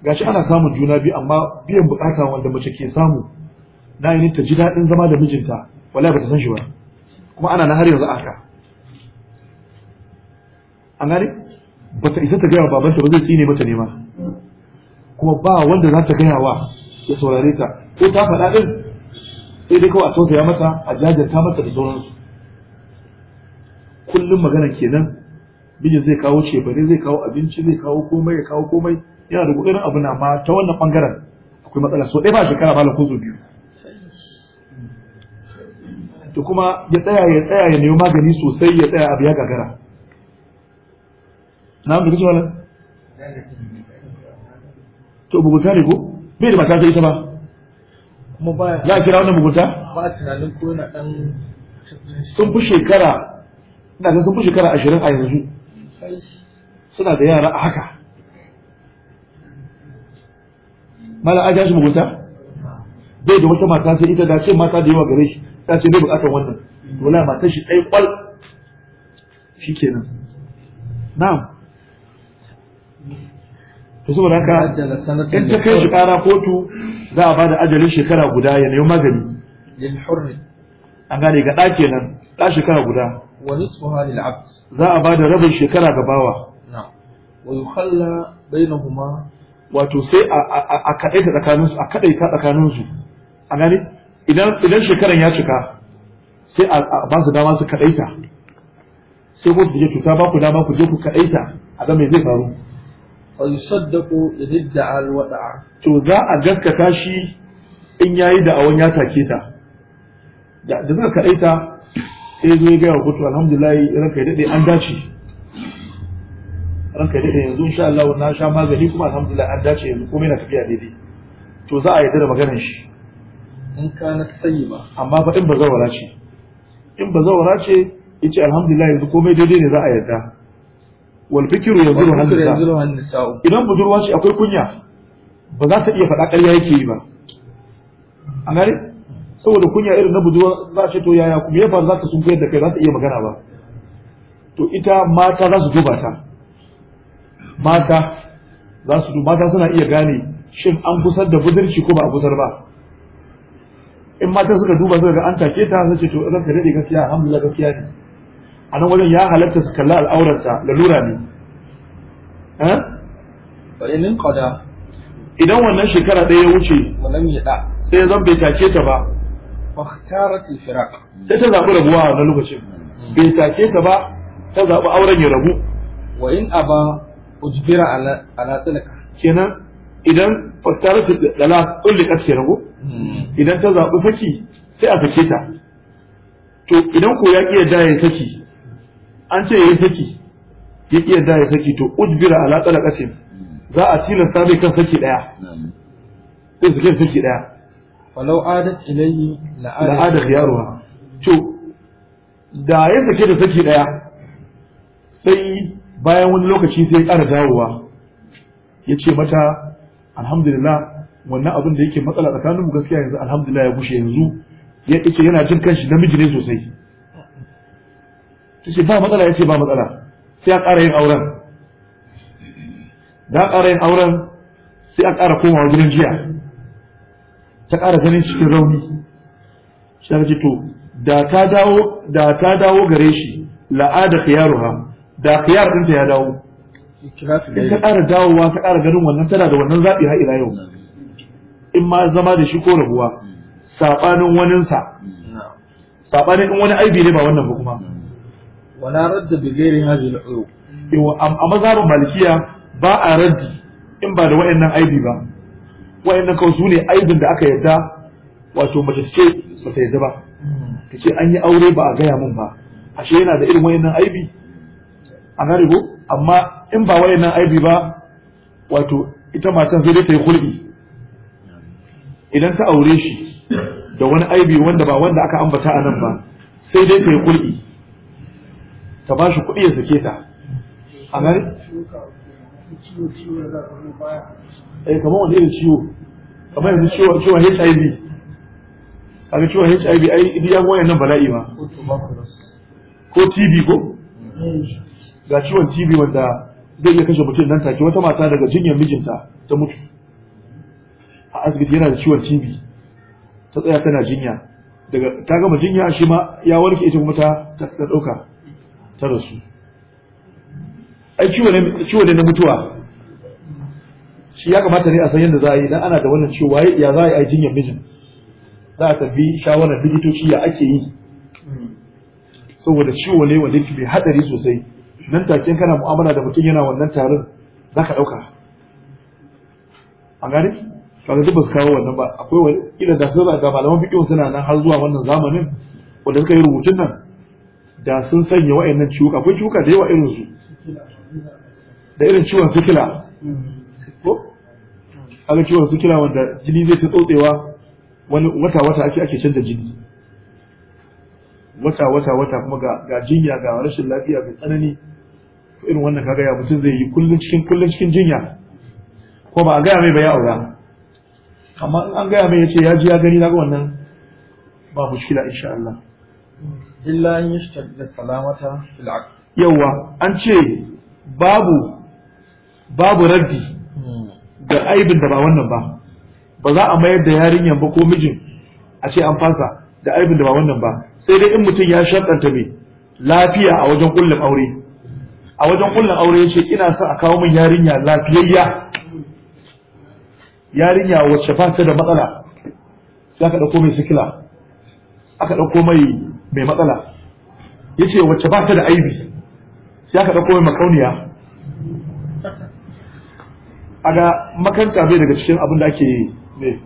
gashi ana samun juna biyu amma biyan bukata wanda mace ke samu na yi ta ji daɗin zama da mijinta wallahi ba ta san shi ba kuma ana na har yanzu aka an gani? ba ta isa ta gaya babanta ba zai tsine mata nema kuma ba wanda za ta gaya wa ya saurare ta ko ta faɗa ɗin sai dai kawai a tausaya mata a jajarta mata da sauransu kullum magana kenan mijin zai kawo cefane zai kawo abinci zai kawo komai ya kawo komai yana da kokarin abu na ma ta wannan bangaren akwai matsala so ɗaya ba shekara ba ko zo biyu to kuma ya tsaya ya tsaya ya nemi magani sosai ya tsaya abu ya gagara na amince wala to mugunta ne ko bai da mata ita ba za a kira wannan mugunta ba tunanin ko yana dan sun fi shekara ina ga sun fi shekara ashirin a yanzu suna da yara a haka mala a shi mugunta bai da wata mata sai ita da ce mata da yawa gare shi ta ce bai bukatar wannan dole matar shi ɗai kwal kenan na'am to saboda haka in ta kai shi kara kotu za a bada ajalin shekara guda ya nemi magani lil hurri an gane ga ɗa kenan ɗa shekara guda wa nisfuha lil abd za a bada rabin shekara ga bawa wa yukhalla bainahuma wato sai a kaɗaita tsakanin su a kaɗaita tsakanin su a gani idan idan shekaran ya cika sai a ba su dama su kaɗaita sai ko su je ta ba ku dama ku je ku kaɗaita a ga me zai faru fayusaddaqu idda'a alwada'a to za a gaskata shi in yayi da awon ya take ta da suka kadai ta sai zo ya gaya kutu alhamdulillah ranka ya dade an dace ranka ya dade yanzu insha Allah na sha magani kuma alhamdulillah an dace yanzu komai na tafiya daidai to za a yarda da maganar shi in kana sayyiba amma fa in bazawara ce in bazawara ce yace alhamdulillah yanzu komai daidai ne za a yarda wal fikru yanzuru hal nisa'u idan budurwa ce akwai kunya ba za ta iya faɗa ƙarya yake yi ba an gane saboda kunya irin na budurwa za ce to yaya kuma ya faru za ta sunkuyar da kai za ta iya magana ba to ita mata za su duba ta mata za su duba mata suna iya gane shin an kusar da budurci ko ba a kusar ba in mata suka duba suka ga an take ta sai ce to ranka dade gaskiya alhamdulillah gaskiya ne a nan wajen ya halatta su kalla al'aurarsa lalura ne eh? idan wannan shekara ɗaya ya wuce sai ya bai take ta ba sai ta zaɓi rabuwa a wannan lokacin bai take ta ba ta zaɓi auren ya rabu wa in aba ujbira ala tsilaka kenan idan fastaratu dala tsulikat kenan ko idan ta zaɓi saki sai a sake ta to idan ko ya ƙi yadda ya saki an ce ya yi saki ya iya da ya saki to ujbira ala talaqatin za a tilasta bai kan saki daya sai su kan saki daya falau adat ilayhi la adat yaruha to da ya saki da saki daya sai bayan wani lokaci sai ya ƙara dawowa ya ce mata alhamdulillah wannan abin da yake matsala tsakaninmu gaskiya yanzu alhamdulillah ya gushe yanzu ya ce yana jin kanshi namiji ne sosai tace ba matsala ya ce ba matsala sai a ƙara yin auren da a ƙara yin auren sai a ƙara komawa gidan jiya ta ƙara ganin cikin rauni shi ta to da ta dawo da ta dawo gare shi la'ada khiyaruha da khiyar ɗinta ya dawo in ta ƙara dawowa ta ƙara ganin wannan tana da wannan zaɓi har ila yau in ma zama da shi ko rabuwa saɓanin waninsa saɓanin wani aibi ne ba wannan ba kuma ولا رد بغير هذه hadhihi al ام a mazhabin malikiya ba a raddi in ba da wayannan aibi ba wayannan kawai sune aibin da aka yadda wato mace ce ba ta yadda ba kace ce an yi aure ba a gaya min ba ashe yana da irin wayannan aibi a gari ko amma in ba wayannan aibi ba wato ita matan zai ta yi hulɗi idan ta aure shi da wani aibi wanda ba wanda aka ambata a nan ba sai dai ta yi hulɗi ta ba shi kuɗi ya sake ta a gani eh kamar wani irin ciwo kamar yanzu ciwon HIV kaga ciwon HIV ai idan ya goya nan bala'i ma ko TB ko ga ciwon TB wanda zai iya kashe mutum nan take wata mata daga jinyar mijinta ta mutu a asibiti yana da ciwon TB ta tsaya tana jinya daga ta gama jinya shi ma ya warke ita kuma ta ɗauka ta rasu ai ciwo ne na mutuwa shi ya kamata ne a san yadda za a yi dan ana da wannan ciwo ya za a yi jinyar mijin za a tafi shawarar likitoci ya ake yi saboda ciwo ne wanda yake mai hadari sosai nan take kana mu'amala da mutum yana wannan tarin za ka ɗauka a gane kaga duk ba su kawo wannan ba akwai wani ila da su ga malaman bikin suna nan har zuwa wannan zamanin wanda suka yi rubutun nan da sun sanya wa'annan ciwuka akwai ciwuka da yawa irin su da irin ciwon sikila ko aga ciwon sikila wanda jini zai ta tsotsewa wani wata wata ake ake canza jini wata wata wata kuma ga ga jinya ga rashin lafiya mai tsanani irin wannan kaga ya mutum zai yi kullun cikin kullun cikin jinya ko ba a gaya mai ba ya aura amma in an gaya mai ya ce ya ji ya gani na ga wannan ba mushkila insha Allah illa an yashtadda salamata fil aqd an ce babu babu rabbi ga aibin da ba wannan ba ba za a mayar da yarinyan ba ko mijin a ce an fasa da aibin da ba wannan ba sai dai in mutum ya shaɗanta mai lafiya a wajen kullum aure a wajen kullum aure ya ce ina son a kawo min yarinya lafiyayya yarinya wacce ba ta da matsala sai aka ɗauko mai sikila aka ɗauko mai mai matsala ya ce wacce ba ta da aibi sai aka ɗauko makauniya a ga makanta bai daga cikin abin da ake ne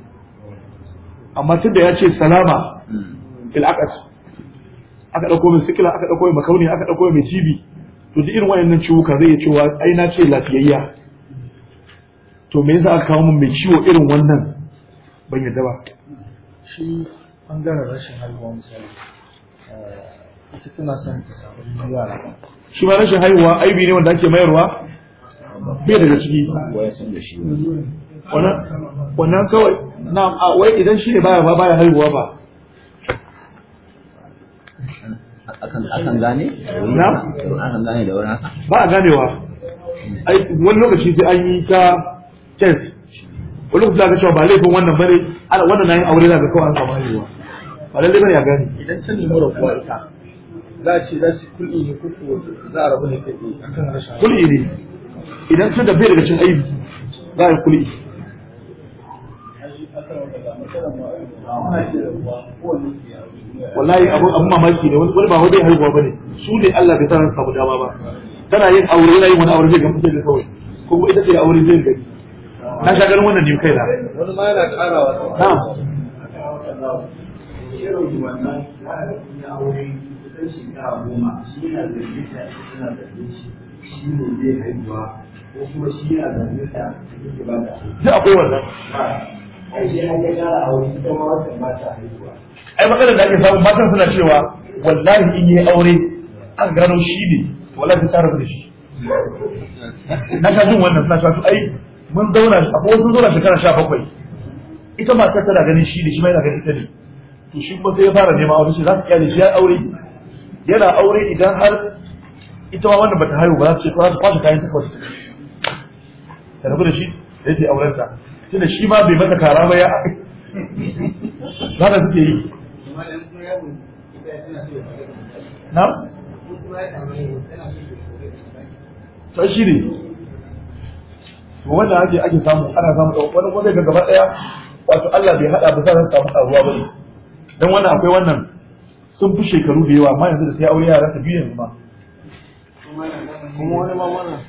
amma tun da ya ce salama fil aka ɗauko mai sikila aka ɗauko mai makauniya aka ɗauko mai jibi to duk irin wayannan ciwuka zai cewa ai na ce lafiyayya to me yasa aka kawo min mai ciwo irin wannan ban yadda ba shi bangaren rashin haihuwa misali ita tana son ta yara shi ma rashin haihuwa aibi ne wanda ake mayarwa bai daga ciki wannan kawai na wai idan shi ne baya ba baya haihuwa ba akan gane na akan gane da wurin ba a ganewa wani lokaci sai an yi ta test wani lokaci za ka cewa ba laifin wannan bane wannan na yin aure za ka kawai an samu haihuwa ba lalle bane ya gane idan ta nemi rabuwa ita za a ce za su kulli ne kuku za a rabu ne kai akan rashin kulli ne idan ta dabe daga cin aibi za a yi kulli wallahi abu abun mamaki ne wani ba wani haihuwa ba ne. su ne Allah bai tsara samu dama ba tana yin aure yana yin wani aure zai ga mutum kawai ko ita ce aure zai gani na sha ganin wannan ne kai na wani ma yana karawa ya ɗauki wannan yaran ya aure kusan shekara goma shi yana zargin ta tana da shi shi ne zai haihuwa ko kuma shi yana zargin ta take ba ta duk akwai wannan ai shi an ga yara aure ita ma wata ba ta haihuwa ai maganar da ake samu matan suna cewa wallahi in yi aure an gano shi ne wallahi ta rabu da shi na ka jin wannan suna cewa ai mun zauna a ko sun zauna shekara sha bakwai. ita ma ta tana ganin shi ne shi ma yana ganin ita ne to shi kuma sai ya fara nema, wani shi za su kyale shi ya aure yana aure idan har ita ma ba bata haihu ba za su ce za su kwashe kayan takwas ta rabu da shi da yake auren ta tunda shi ma bai mata kara ba ya haka suke yi na? ta shi ne to wannan ake ake samu ana samu wani wani ga gaba daya wato Allah bai hada ba za su samu karuwa ba ne dan wannan akwai wannan sun fi shekaru da yawa amma yanzu da sai aure yara ta biyu yanzu ma kuma wani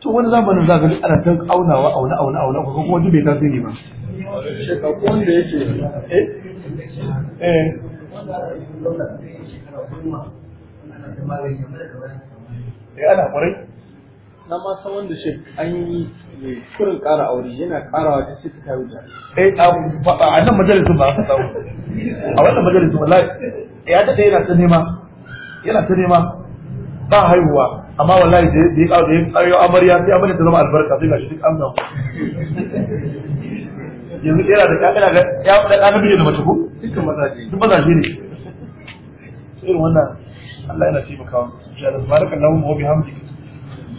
to wani zamanin za ka ji ana ta aunawa auna auna auna ko kuma duk bai tasiri ba shekaru wanda yake eh eh eh ana kwarai na ma san wanda shi an yi kurin ƙara aure yana ƙarawa su kawo eh a nan majalisun ba samu a wannan majalisun wallahi ya daɗe yana ta nema yana ta nema ba haihuwa amma wallahi da ya ƙawo da ya amarya sai amarya ta zama albarka sai shi duk an samu yanzu yana da ƙaƙana ga ya ɗaga biyu da mace ko dukkan mazaje duk mazaje ne irin wannan Allah yana taimakawa. Insha barakallahu wa bihamdika.